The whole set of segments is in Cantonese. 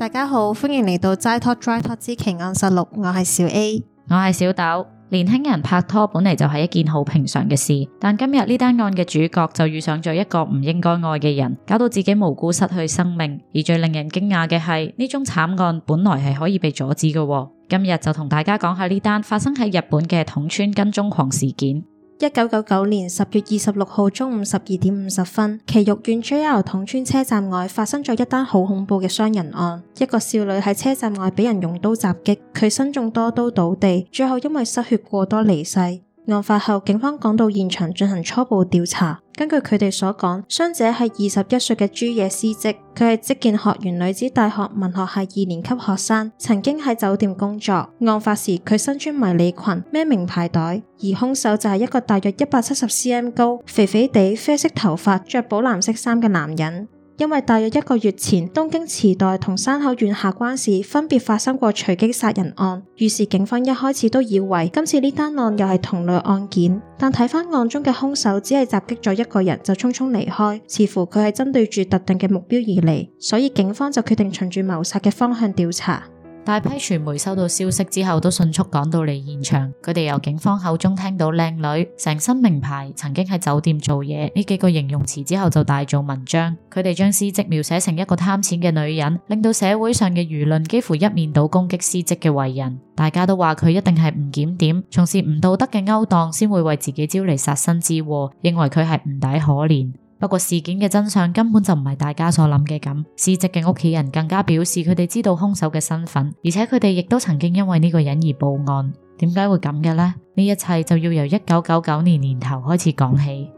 大家好，歡迎嚟到齋 talk dry talk 之奇案實錄。我係小 A，我係小豆。年輕人拍拖本嚟就係一件好平常嘅事，但今日呢單案嘅主角就遇上咗一個唔應該愛嘅人，搞到自己無辜失去生命。而最令人驚訝嘅係，呢宗慘案本來係可以被阻止嘅哦。今日就同大家講下呢單發生喺日本嘅桶川跟蹤狂事件。一九九九年十月二十六號中午十二點五十分，埼玉縣 JR 桶川車站外發生咗一單好恐怖嘅傷人案。一個少女喺車站外俾人用刀襲擊，佢身中多刀倒地，最後因為失血過多離世。案發後，警方趕到現場進行初步調查。根據佢哋所講，傷者係二十一歲嘅豬野詩織，佢係職建學院女子大學文學系二年級學生，曾經喺酒店工作。案發時佢身穿迷你裙，孭名牌袋，而凶手就係一個大約一百七十 cm 高、肥肥地、啡色頭髮、着寶藍色衫嘅男人。因為大約一個月前，東京池袋同山口縣下關市分別發生過隨機殺人案，於是警方一開始都以為今次呢單案又係同類案件。但睇返案中嘅凶手，只係襲擊咗一個人就匆匆離開，似乎佢係針對住特定嘅目標而嚟，所以警方就決定循住謀殺嘅方向調查。大批傳媒收到消息之後，都迅速趕到嚟現場。佢哋由警方口中聽到靚女成身名牌、曾經喺酒店做嘢，呢幾個形容詞之後，就大做文章。佢哋將詩織描寫成一個貪錢嘅女人，令到社會上嘅輿論幾乎一面倒攻擊詩織嘅為人。大家都話佢一定係唔檢點，從事唔道德嘅勾當，先會為自己招嚟殺身之禍，認為佢係唔抵可憐。不過事件嘅真相根本就唔係大家所諗嘅咁，詩織嘅屋企人更加表示佢哋知道凶手嘅身份，而且佢哋亦都曾經因為呢個人而報案。為什麼。點解會咁嘅咧？呢一切就要由一九九九年年頭開始講起。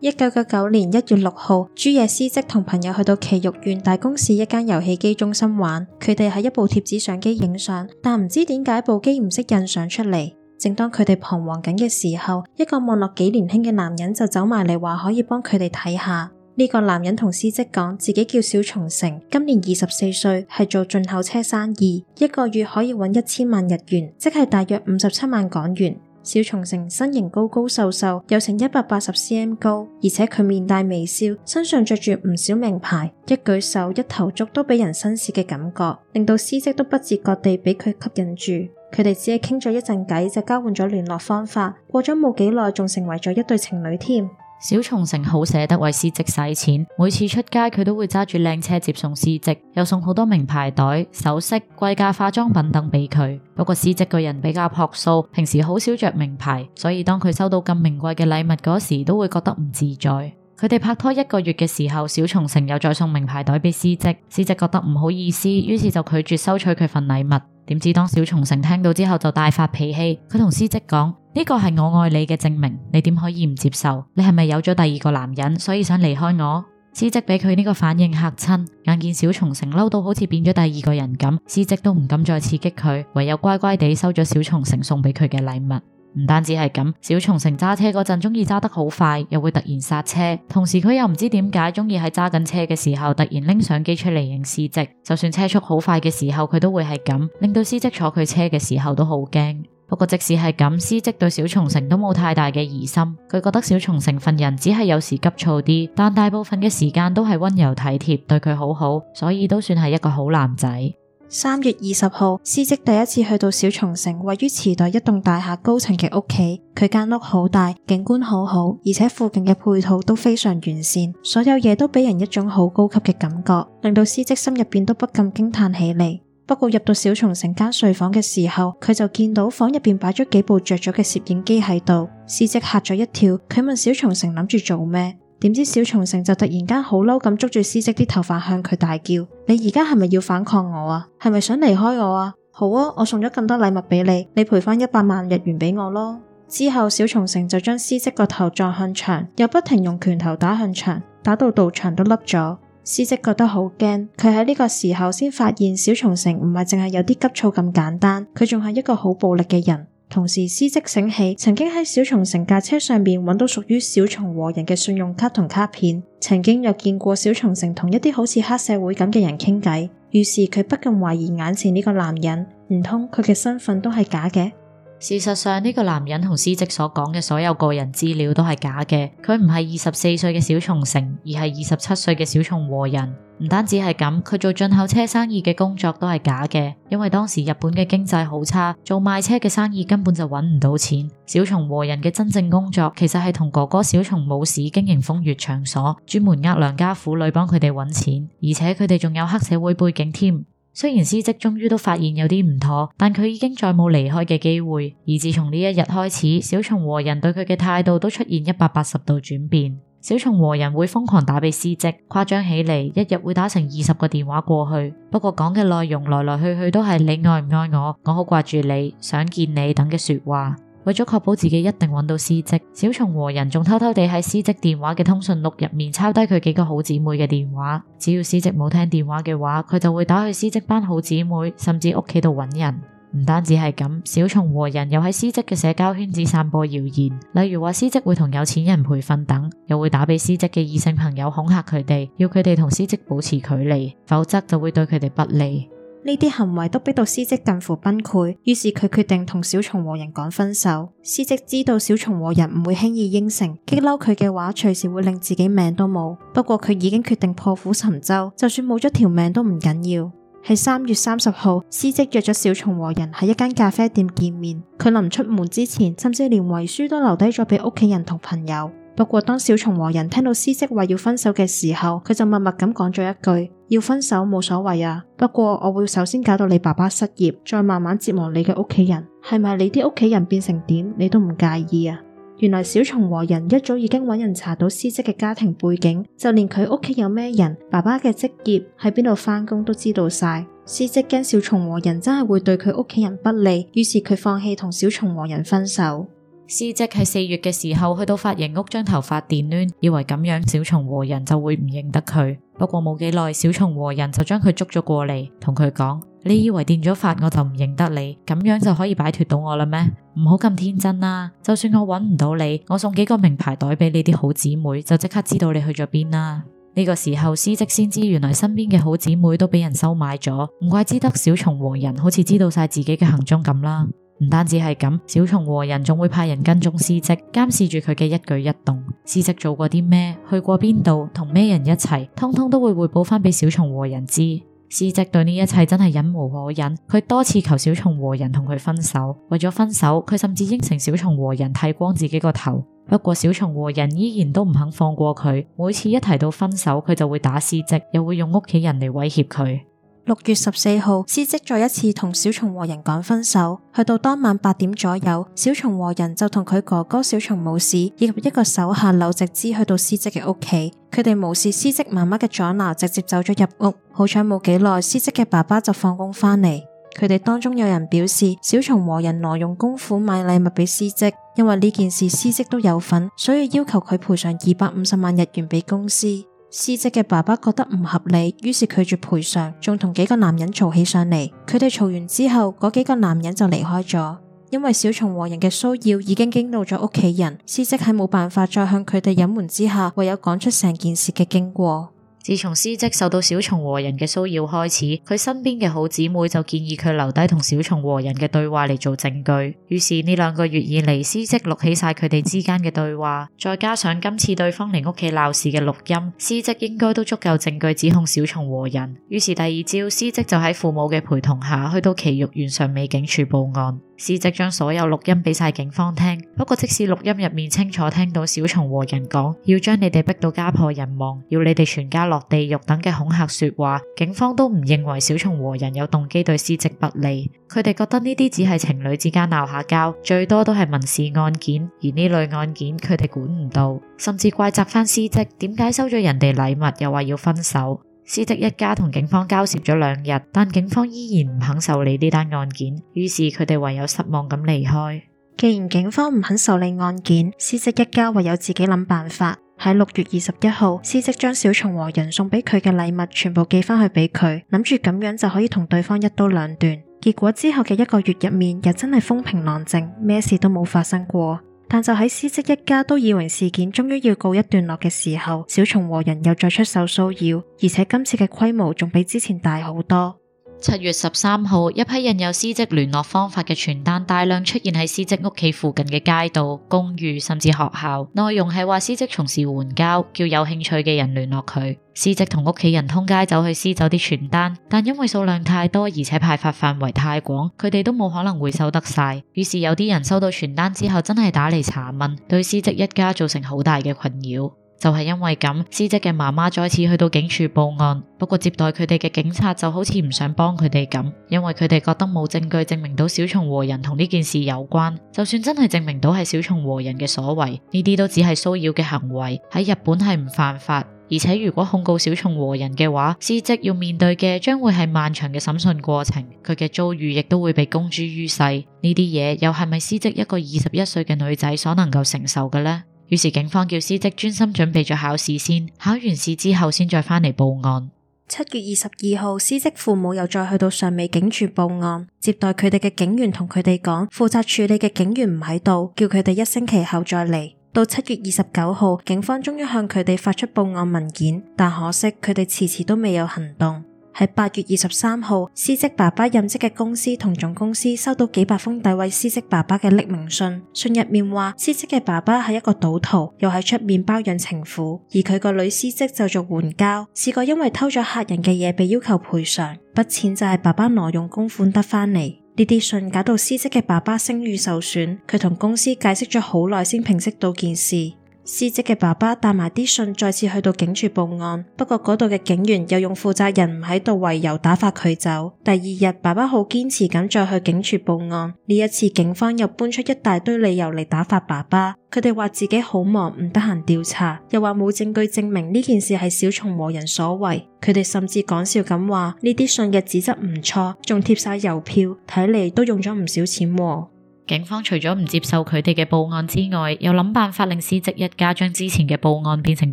一九九九年一月六號，豬野詩織同朋友去到埼玉縣大宮市一間遊戲機中心玩，佢哋喺一部貼紙相機影相，但唔知點解部機唔識印相出嚟。正當佢哋彷徨緊嘅時候，一個望落幾年輕嘅男人就走埋嚟話可以幫佢哋睇下。呢、這個男人同詩織講，自己叫小松成，今年二十四歲，係做進口車生意，一個月可以揾一千萬日元，即係大約五十七萬港元。小松成身形高高瘦瘦，有成一百八十 cm 高，而且佢面帶微笑，身上着住唔少名牌，一舉手一投足都俾人紳士嘅感覺，令到詩織都不自覺地俾佢吸引住。佢哋只係傾咗一陣偈，就交換咗聯絡方法。過咗冇幾耐，仲成為咗一對情侶添。小松誠好捨得為詩織使錢，每次出街佢都會揸住靚車接送詩織，又送好多名牌袋、首飾、貴價化妝品等畀佢。不過詩織個人比較樸素，平時好少着名牌，所以當佢收到咁名貴嘅禮物嗰時，都會覺得唔自在。佢哋拍拖一個月嘅時候，小松誠又再送名牌袋畀詩織，詩織覺得唔好意思，於是就拒絕收取佢份禮物。點知當小松成聽到之後就大發脾氣，佢同詩織講：呢個係我愛你嘅證明，你點可以唔接受？你係咪有咗第二個男人，所以想離開我？詩織俾佢呢個反應吓親，眼見小松成嬲到好似變咗第二個人咁，詩織都唔敢再刺激佢，唯有乖乖地收咗小松成送俾佢嘅禮物。唔單止係咁，小松城揸車嗰陣鍾意揸得好快，又會突然剎車。同時佢又唔知點解鍾意喺揸緊車嘅時候突然拎相機出嚟影詩織。就算車速好快嘅時候，佢都會係咁，令到詩織坐佢車嘅時候都好驚。不過即使係咁，詩織對小松城都冇太大嘅疑心。佢覺得小松城份人只係有時急躁啲，但大部分嘅時間都係溫柔體貼，對佢好好，所以都算係一個好男仔。三月二十號，詩織第一次去到小松城，位於池袋一棟大廈高層嘅屋企。佢間屋好大，景觀好好，而且附近嘅配套都非常完善，所有嘢都俾人一種好高級嘅感覺，令到詩織心入邊都不禁驚嘆起嚟。不過入到小松城間睡房嘅時候，佢就見到房入邊擺咗幾部着咗嘅攝影機喺度，詩織吓咗一跳，佢問小松城諗住做咩？點知小松城就突然間好嬲咁捉住詩織啲頭髮向佢大叫：你而家係咪要反抗我啊？係咪想離開我啊？好啊，我送咗咁多禮物俾你，你賠翻一百萬日元俾我咯。之後小松城就將詩織個頭撞向牆，又不停用拳頭打向牆，打到道牆都凹咗。詩織覺得好驚，佢喺呢個時候先發現小松城唔係淨係有啲急躁咁簡單，佢仲係一個好暴力嘅人。同時，司機醒起曾經喺小松城架車上邊揾到屬於小松和人嘅信用卡同卡片，曾經又見過小松城同一啲好似黑社會咁嘅人傾偈，於是佢不禁懷疑眼前呢個男人，唔通佢嘅身份都係假嘅。事實上，呢、這個男人同詩織所講嘅所有個人資料都係假嘅。佢唔係二十四歲嘅小松成，而係二十七歲嘅小松和人。唔單止係咁，佢做進口車生意嘅工作都係假嘅，因為當時日本嘅經濟好差，做賣車嘅生意根本就揾唔到錢。小松和人嘅真正工作其實係同哥哥小松武史經營風月場所，專門呃良家婦女幫佢哋揾錢，而且佢哋仲有黑社會背景添。雖然詩織終於都發現有啲唔妥，但佢已經再冇離開嘅機會。而自從呢一日開始，小松和人對佢嘅態度都出現一百八十度轉變。小松和人會瘋狂打俾詩織，誇張起嚟，一日會打成二十個電話過去。不過講嘅內容來來去去都係你愛唔愛我，我好掛住你，想見你等嘅說話。為咗確保自己一定揾到詩織，小松和人仲偷偷地喺詩織電話嘅通訊錄入面抄低佢幾個好姊妹嘅電話。只要詩織冇聽電話嘅話，佢就會打去詩織班好姊妹，甚至屋企度揾人。唔單止係咁，小松和人又喺詩織嘅社交圈子散播謠言，例如話詩織會同有錢人陪瞓等，又會打俾詩織嘅異性朋友恐嚇佢哋，要佢哋同詩織保持距離，否則就會對佢哋不利。呢啲行為都逼到詩織近乎崩潰，於是佢決定同小松和人講分手。詩織知道小松和人唔會輕易應承，激嬲佢嘅話，隨時會令自己命都冇。不過佢已經決定破釜沉舟，就算冇咗條命都唔緊要。喺三 月三十號，詩織約咗小松和人喺一間咖啡店見面。佢臨出門之前，甚至連遺書都留低咗俾屋企人同朋友。不過當小松和人聽到詩織話要分手嘅時候，佢就默默咁講咗一句。要分手冇所謂啊，不過我會首先搞到你爸爸失業，再慢慢折磨你嘅屋企人，係咪你啲屋企人變成點你都唔介意啊？原來小松和人一早已經揾人查到詩織嘅家庭背景，就連佢屋企有咩人、爸爸嘅職業喺邊度返工都知道晒。詩織驚小松和人真係會對佢屋企人不利，於是佢放棄同小松和人分手。司職喺四月嘅時候去到髮型屋將頭髮電亂，以為咁樣小松和人就會唔認得佢。不過冇幾耐，小松和人就將佢捉咗過嚟，同佢講：你以為電咗髮我就唔認得你，咁樣就可以擺脫到我啦咩？唔好咁天真啦、啊！就算我搵唔到你，我送幾個名牌袋俾你啲好姊妹，就即刻知道你去咗邊啦。呢個時候，詩織先知原來身邊嘅好姊妹都俾人收買咗，唔怪之得小松和人好似知道晒自己嘅行蹤咁啦。唔單止係咁，小松和人仲會派人跟蹤詩織，監視住佢嘅一舉一動。詩織做過啲咩，去過邊度，同咩人一齊，通通都會匯報翻俾小松和人知。詩織對呢一切真係忍無可忍，佢多次求小松和人同佢分手，為咗分手，佢甚至應承小松和人剃光自己個頭。不過小松和人依然都唔肯放過佢，每次一提到分手，佢就會打詩織，又會用屋企人嚟威脅佢。六月十四號，詩織再一次同小松和人講分手。去到當晚八點左右，小松和人就同佢哥哥小松武士以及一個手下柳直之去到詩織嘅屋企。佢哋無視詩織媽媽嘅阻撓，直接走咗入屋。好彩冇幾耐，詩織嘅爸爸就放工翻嚟。佢哋當中有人表示，小松和人挪用公款買禮物俾詩織，因為呢件事詩織都有份，所以要求佢賠償二百五十萬日元俾公司。詩織嘅爸爸覺得唔合理，於是拒絕賠償，仲同幾個男人嘈起上嚟。佢哋嘈完之後，嗰幾個男人就離開咗。因為小松和人嘅騷擾已經驚怒咗屋企人，詩織喺冇辦法再向佢哋隱瞞之下，唯有講出成件事嘅經過。自從詩織受到小松和人嘅騷擾開始，佢身邊嘅好姊妹就建議佢留低同小松和人嘅對話嚟做證據。於是呢兩個月以嚟，詩織錄起晒佢哋之間嘅對話，再加上今次對方嚟屋企鬧事嘅錄音，詩織應該都足夠證據指控小松和人。於是第二朝，詩織就喺父母嘅陪同下去到埼玉縣上美警署報案。詩織將所有錄音俾晒警方聽，不過即使錄音入面清楚聽到小松和人講要將你哋逼到家破人亡，要你哋全家落地獄等嘅恐嚇說話，警方都唔認為小松和人有動機對詩織不利，佢哋覺得呢啲只係情侶之間鬧下交，最多都係民事案件，而呢類案件佢哋管唔到，甚至怪責翻詩織點解收咗人哋禮物又話要分手。詩織一家同警方交涉咗兩日，但警方依然唔肯受理呢單案件，於是佢哋唯有失望咁離開。既然警方唔肯受理案件，詩織一家唯有自己諗辦法。喺六月二十一號，詩織將小松和人送俾佢嘅禮物全部寄翻去俾佢，諗住咁樣就可以同對方一刀兩斷。結果之後嘅一個月入面，又真係風平浪靜，咩事都冇發生過。但就喺詩織一家都以為事件終於要告一段落嘅時候，小松和人又再出手騷擾，而且今次嘅規模仲比之前大好多。七月十三號，一批印有詩織聯絡方法嘅傳單大量出現喺詩織屋企附近嘅街道、公寓甚至學校，內容係話詩織從事援交，叫有興趣嘅人聯絡佢。詩織同屋企人通街走去撕走啲傳單，但因為數量太多，而且派發範圍太廣，佢哋都冇可能回收得晒，於是有啲人收到傳單之後真係打嚟查問，對詩織一家造成好大嘅困擾。就係因為咁，詩織嘅媽媽再次去到警署報案，不過接待佢哋嘅警察就好似唔想幫佢哋咁，因為佢哋覺得冇證據證明到小松和人同呢件事有關。就算真係證明到係小松和人嘅所為，呢啲都只係騷擾嘅行為，喺日本係唔犯法。而且如果控告小松和人嘅話，詩織要面對嘅將會係漫長嘅審訊過程，佢嘅遭遇亦都會被公諸於世。呢啲嘢又係咪詩織一個二十一歲嘅女仔所能夠承受嘅呢？於是警方叫詩織專心準備咗考試先，考完試之後先再翻嚟報案。七月二十二號，詩織父母又再去到上尾警署報案，接待佢哋嘅警員同佢哋講，負責處理嘅警員唔喺度，叫佢哋一星期後再嚟。到七月二十九號，警方終於向佢哋發出報案文件，但可惜佢哋遲遲都未有行動。喺八月二十三號，詩織爸爸任職嘅公司同總公司收到幾百封詆毀詩織爸爸嘅匿名信，信入面話詩織嘅爸爸係一個賭徒，又喺出面包養情婦，而佢個女詩織就做援交，試過因為偷咗客人嘅嘢被要求賠償，筆錢就係爸爸挪用公款得返嚟。呢啲信搞到詩織嘅爸爸聲譽受損，佢同公司解釋咗好耐先平息到件事。詩織嘅爸爸帶埋啲信，再次去到警署報案，不過嗰度嘅警員又用負責人唔喺度為由打發佢走。第二日，爸爸好堅持咁再去警署報案，呢一次警方又搬出一大堆理由嚟打發爸爸。佢哋話自己好忙，唔得閒調查，又話冇證據證明呢件事係小松和人所為。佢哋甚至講笑咁話：呢啲信嘅紙質唔錯，仲貼晒郵票，睇嚟都用咗唔少錢。警方除咗唔接受佢哋嘅報案之外，又諗辦法令詩織一家將之前嘅報案變成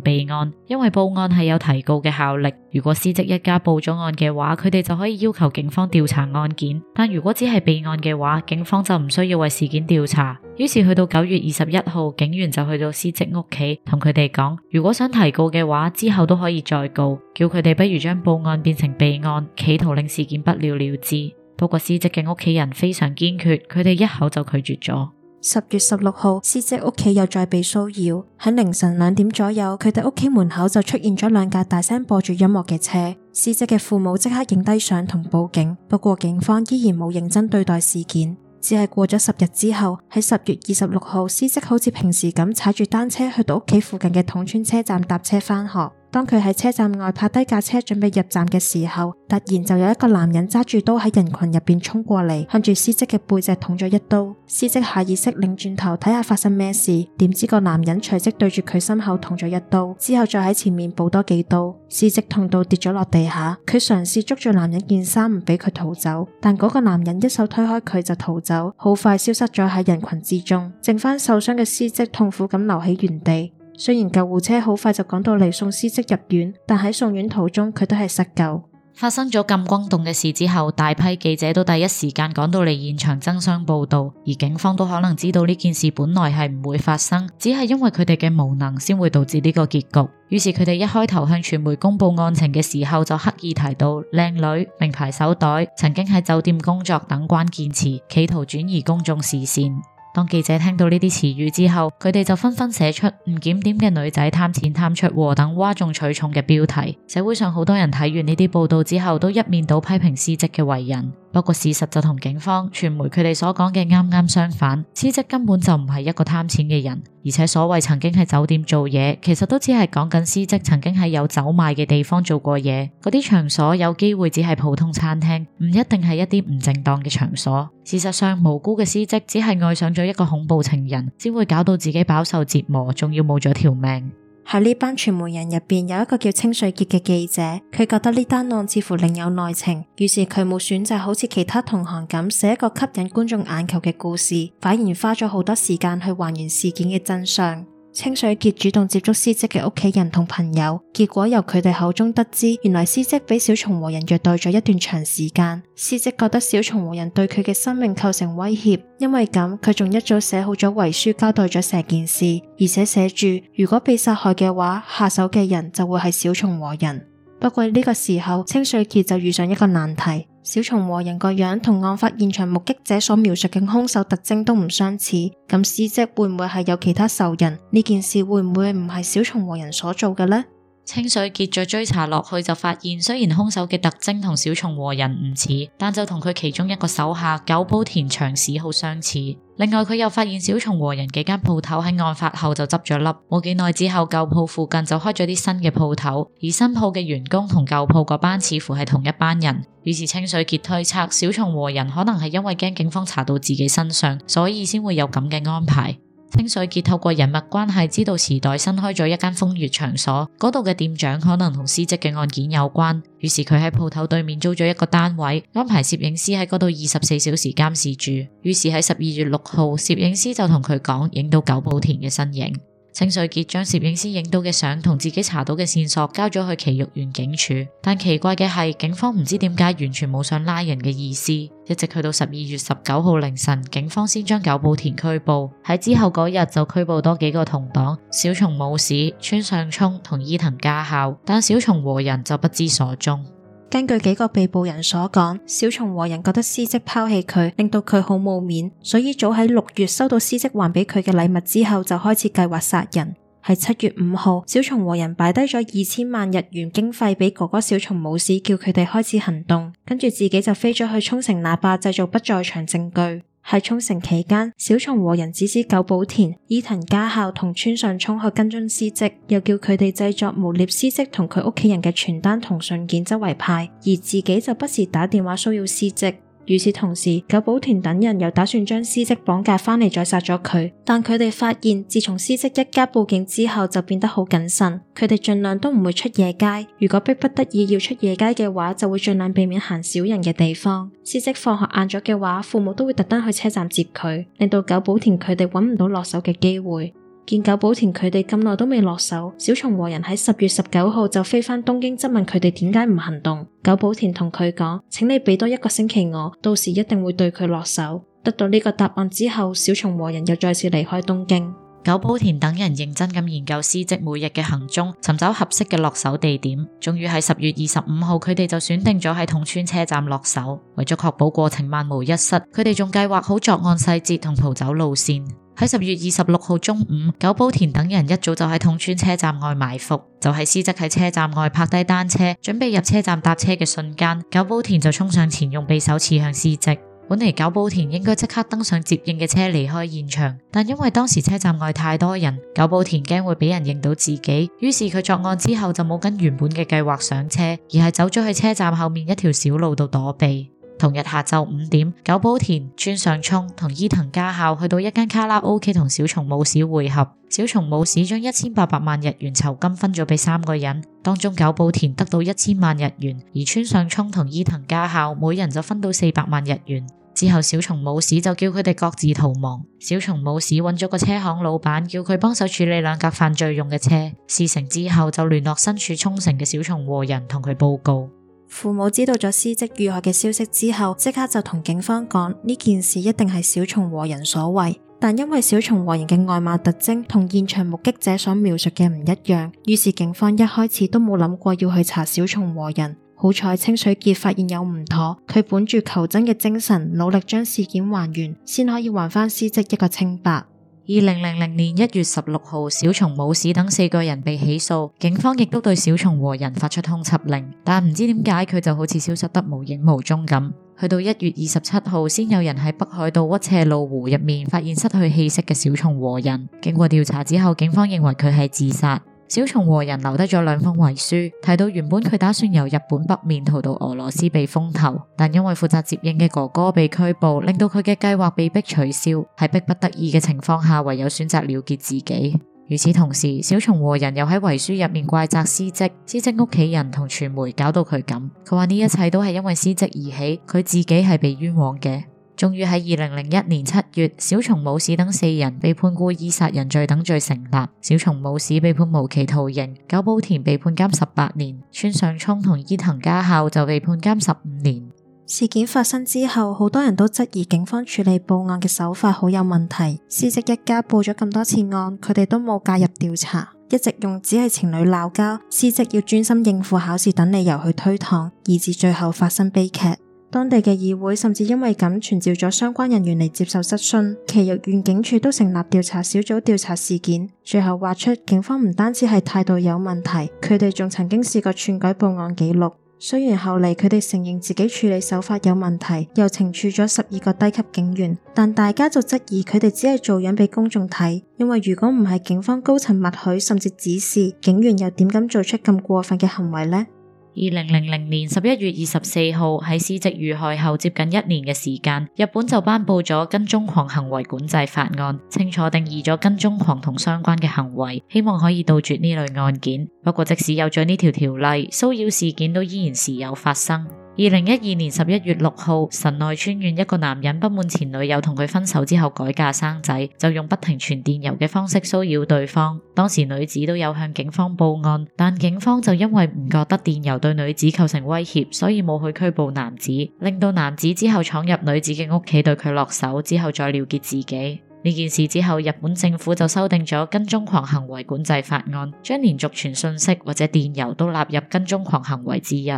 備案，因為報案係有提告嘅效力。如果詩織一家報咗案嘅話，佢哋就可以要求警方調查案件；但如果只係備案嘅話，警方就唔需要為事件調查。於是去到九月二十一號，警員就去到詩織屋企同佢哋講，如果想提告嘅話，之後都可以再告，叫佢哋不如將報案變成備案，企圖令事件不了了之。不過詩織嘅屋企人非常堅決，佢哋一口就拒絕咗。十月十六號，詩織屋企又再被騷擾，喺凌晨兩點左右，佢哋屋企門口就出現咗兩架大聲播住音樂嘅車。詩織嘅父母即刻影低相同報警，不過警方依然冇認真對待事件，只係過咗十日之後，喺十月二十六號，詩織好似平時咁踩住單車去到屋企附近嘅桶川車站搭車返學。當佢喺車站外拍低架車，準備入站嘅時候，突然就有一個男人揸住刀喺人群入邊衝過嚟，向住詩織嘅背脊捅咗一刀。詩織下意識擰轉頭睇下發生咩事，點知個男人隨即對住佢心口捅咗一刀，之後再喺前面補多幾刀。詩織痛到跌咗落地下，佢嘗試捉住男人件衫，唔俾佢逃走，但嗰個男人一手推開佢就逃走，好快消失咗喺人群之中，剩返受傷嘅詩織痛苦咁留喺原地。雖然救護車好快就趕到嚟，送詩織入院，但喺送院途中佢都係失救。發生咗咁轟動嘅事之後，大批記者都第一時間趕到嚟現場爭相報道，而警方都可能知道呢件事本來係唔會發生，只係因為佢哋嘅無能先會導致呢個結局。於是佢哋一開頭向傳媒公布案情嘅時候，就刻意提到靚女、名牌手袋、曾經喺酒店工作等關鍵詞，企圖轉移公眾視線。當記者聽到呢啲詞語之後，佢哋就紛紛寫出唔檢點嘅女仔貪錢貪出禍等嘩眾取寵嘅標題。社會上好多人睇完呢啲報道之後，都一面倒批評詩織嘅為人。不過事實就同警方傳媒佢哋所講嘅啱啱相反，詩織根本就唔係一個貪錢嘅人。而且所謂曾經喺酒店做嘢，其實都只係講緊詩織曾經喺有酒賣嘅地方做過嘢，嗰啲場所有機會只係普通餐廳，唔一定係一啲唔正當嘅場所。事實上，無辜嘅詩織只係愛上咗一個恐怖情人，只會搞到自己飽受折磨，仲要冇咗條命。喺呢班傳媒人入面，有一個叫清水潔嘅記者，佢覺得呢單案似乎另有內情，於是佢冇選擇好似其他同行咁寫一個吸引觀眾眼球嘅故事，反而花咗好多時間去還原事件嘅真相。清水潔主動接觸詩織嘅屋企人同朋友，結果由佢哋口中得知，原來詩織俾小松和人虐待咗一段長時間。詩織覺得小松和人對佢嘅生命構成威脅，因為咁，佢仲一早寫好咗遺書交代咗成件事，而且寫住如果被殺害嘅話，下手嘅人就會係小松和人。不過呢個時候，清水潔就遇上一個難題。小松和人個樣同案發現場目擊者所描述嘅凶手特徵都唔相似，咁死者會唔會係有其他仇人？呢件事會唔會唔係小松和人所做嘅呢？清水潔再追查落去就發現，雖然凶手嘅特徵同小松和人唔似，但就同佢其中一個手下久保田長史好相似。另外佢又發現小松和人幾間鋪頭喺案發後就執咗笠，冇幾耐之後舊鋪附近就開咗啲新嘅鋪頭，而新鋪嘅員工同舊鋪嗰班似乎係同一班人。於是清水潔推測，小松和人可能係因為驚警方查到自己身上，所以先會有咁嘅安排。清水潔透過人脈關係知道時代新開咗一間風月場所，嗰度嘅店長可能同詩織嘅案件有關，於是佢喺鋪頭對面租咗一個單位，安排攝影師喺嗰度二十四小時監視住。於是喺十二月六號，攝影師就同佢講，影到久保田嘅身影。清水潔將攝影師影到嘅相同自己查到嘅線索交咗去祁玉園警署，但奇怪嘅係警方唔知點解完全冇想拉人嘅意思，一直去到十二月十九號凌晨，警方先將久保田拘捕，喺之後嗰日就拘捕多幾個同黨，小松武士、川上聰同伊藤家孝，但小松和人就不知所蹤。根據幾個被捕人所講，小松和人覺得詩織拋棄佢，令到佢好冇面，所以早喺六月收到詩織還俾佢嘅禮物之後，就開始計劃殺人。喺七月五號，小松和人擺低咗二千萬日元經費俾哥哥小松武士，叫佢哋開始行動，跟住自己就飛咗去沖繩那霸，製造不在場證據。喺沖繩期間，小松和人指使、久保田、伊藤、e、家校同村上聰去跟蹤詩織，又叫佢哋製作誣衊詩織同佢屋企人嘅傳單同信件周圍派，而自己就不時打電話騷擾詩織。與此同時，久保田等人又打算將詩織綁架返嚟再殺咗佢，但佢哋發現自從詩織一家報警之後，就變得好謹慎。佢哋盡量都唔會出夜街，如果逼不得已要出夜街嘅話，就會盡量避免行少人嘅地方。詩織放學晏咗嘅話，父母都會特登去車站接佢，令到久保田佢哋揾唔到落手嘅機會。見他們這麼久保田佢哋咁耐都未落手，小松和人喺十月十九號就飛返東京質問佢哋點解唔行動。久保田同佢講，請你俾多一個星期我，到時一定會對佢落手。得到呢個答案之後，小松和人又再次離開東京。久保田等人認真咁研究詩織每日嘅行蹤，尋找合適嘅落手地點。終於喺十月二十五號，佢哋就選定咗喺桶川車站落手。為咗確保過程萬無一失，佢哋仲計劃好作案細節同逃走路線。喺十月二十六號中午，久保田等人一早就喺桶川車站外埋伏，就係詩織喺車站外拍低單車，準備入車站搭車嘅瞬間，久保田就衝上前用匕首刺向詩織。本嚟久保田應該即刻登上接應嘅車離開現場，但因為當時車站外太多人，久保田驚會俾人認到自己，於是佢作案之後就冇跟原本嘅計劃上車，而係走咗去車站後面一條小路度躲避。同日下晝五點，久保田、川上聰同伊藤嘉孝去到一間卡拉 OK 同小松武史會合。小松武史將一千八百萬日元酬金分咗俾三個人，當中久保田得到一千萬日元，而川上聰同伊藤嘉孝每人就分到四百萬日元。之後小松武史就叫佢哋各自逃亡。小松武史搵咗個車行老闆，叫佢幫手處理兩架犯罪用嘅車。事成之後就聯絡身處沖繩嘅小松和人同佢報告。父母知道咗詩織遇害嘅消息之後，即刻就同警方講呢件事一定係小松和人所為，但因為小松和人嘅外貌特徵同現場目擊者所描述嘅唔一樣，於是警方一開始都冇諗過要去查小松和人。好彩清水潔發現有唔妥，佢本住求真嘅精神，努力將事件還原，先可以還翻詩織一個清白。二零零零年一月十六號，小松武士等四個人被起訴，警方亦都對小松和人發出通緝令，但唔知點解佢就好似消失得無影無蹤咁。去到一月二十七號，先有人喺北海道屈斜路湖入面發現失去氣息嘅小松和人。經過調查之後，警方認為佢係自殺。小松和人留得咗兩封遺書，提到原本佢打算由日本北面逃到俄羅斯避風頭，但因為負責接應嘅哥哥被拘捕，令到佢嘅計劃被迫取消，係迫不得已嘅情況下，唯有選擇了結自己。與此同時，小松和人又喺遺書入面怪責司職，司職屋企人同傳媒搞到佢咁。佢話呢一切都係因為司職而起，佢自己係被冤枉嘅。終於喺二零零一年七月，小松武史等四人被判故意殺人罪等罪成立。小松武史被判無期徒刑，久保田被判監十八年，川上聰同伊藤嘉孝就被判監十五年。事件發生之後，好多人都質疑警方處理報案嘅手法好有問題。詩織一家報咗咁多次案，佢哋都冇介入調查，一直用只係情侶鬧交、詩織要專心應付考試等理由去推搪，以致最後發生悲劇。當地嘅議會甚至因為咁傳召咗相關人員嚟接受質詢，其後縣警署都成立調查小組調查事件，最後話出警方唔單止係態度有問題，佢哋仲曾經試過篡改報案記錄。雖然後嚟佢哋承認自己處理手法有問題，又懲處咗十二個低級警員，但大家就質疑佢哋只係做樣俾公眾睇，因為如果唔係警方高層默許甚至指示，警員又點敢做出咁過分嘅行為呢？二零零零年十一月二十四號，喺詩織遇害後，接近一年嘅時間，日本就頒布咗跟蹤狂行為管制法案，清楚定義咗跟蹤狂同相關嘅行為，希望可以杜絕呢類案件。不過即使有咗呢條條例，騷擾事件都依然時有發生。二零一二年十一月六號，神奈川縣一個男人不滿前女友同佢分手之後改嫁生仔，就用不停傳電郵嘅方式騷擾對方。當時女子都有向警方報案，但警方就因為唔覺得電郵對女子構成威脅，所以冇去拘捕男子，令到男子之後闖入女子嘅屋企對佢落手，之後再了結自己。呢件事之後，日本政府就修訂咗跟蹤狂行為管制法案，將連續傳信息或者電郵都納入跟蹤狂行為之一。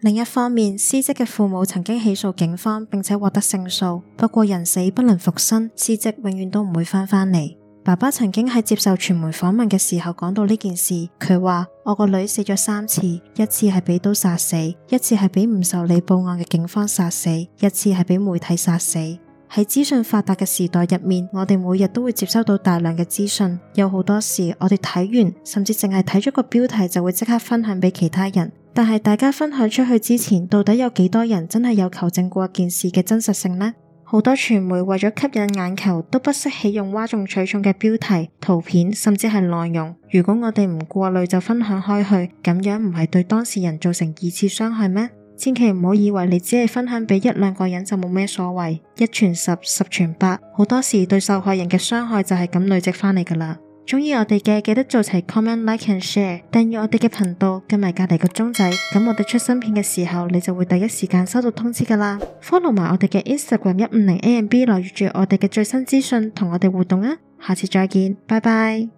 另一方面，詩織嘅父母曾經起訴警方，並且獲得勝訴。不過人死不能復生，詩織永遠都唔會翻返嚟。爸爸曾經喺接受傳媒訪問嘅時候講到呢件事，佢話：我個女死咗三次，一次係畀刀殺死，一次係畀唔受理報案嘅警方殺死，一次係畀媒體殺死。喺資訊發達嘅時代入面，我哋每日都會接收到大量嘅資訊，有好多時我哋睇完，甚至淨係睇咗個標題就會即刻分享俾其他人。但係大家分享出去之前，到底有幾多人真係有求證過件事嘅真實性呢？好多傳媒為咗吸引眼球，都不惜起用嘩眾取寵嘅標題、圖片，甚至係內容。如果我哋唔過濾就分享開去，咁樣唔係對當事人造成二次傷害咩？千祈唔好以為你只係分享俾一兩個人就冇咩所謂，一傳十，十傳百，好多時對受害人嘅傷害就係咁累積翻嚟噶啦。中意我哋嘅，記得做齊 comment、like and share，訂閱我哋嘅頻道，跟埋隔籬個鐘仔，咁我哋出新片嘅時候，你就會第一時間收到通知㗎喇。 Follow 埋我哋嘅 Instagram 一五零 AMB，留意住我哋嘅最新資訊，同我哋互動啊！下次再見，拜拜。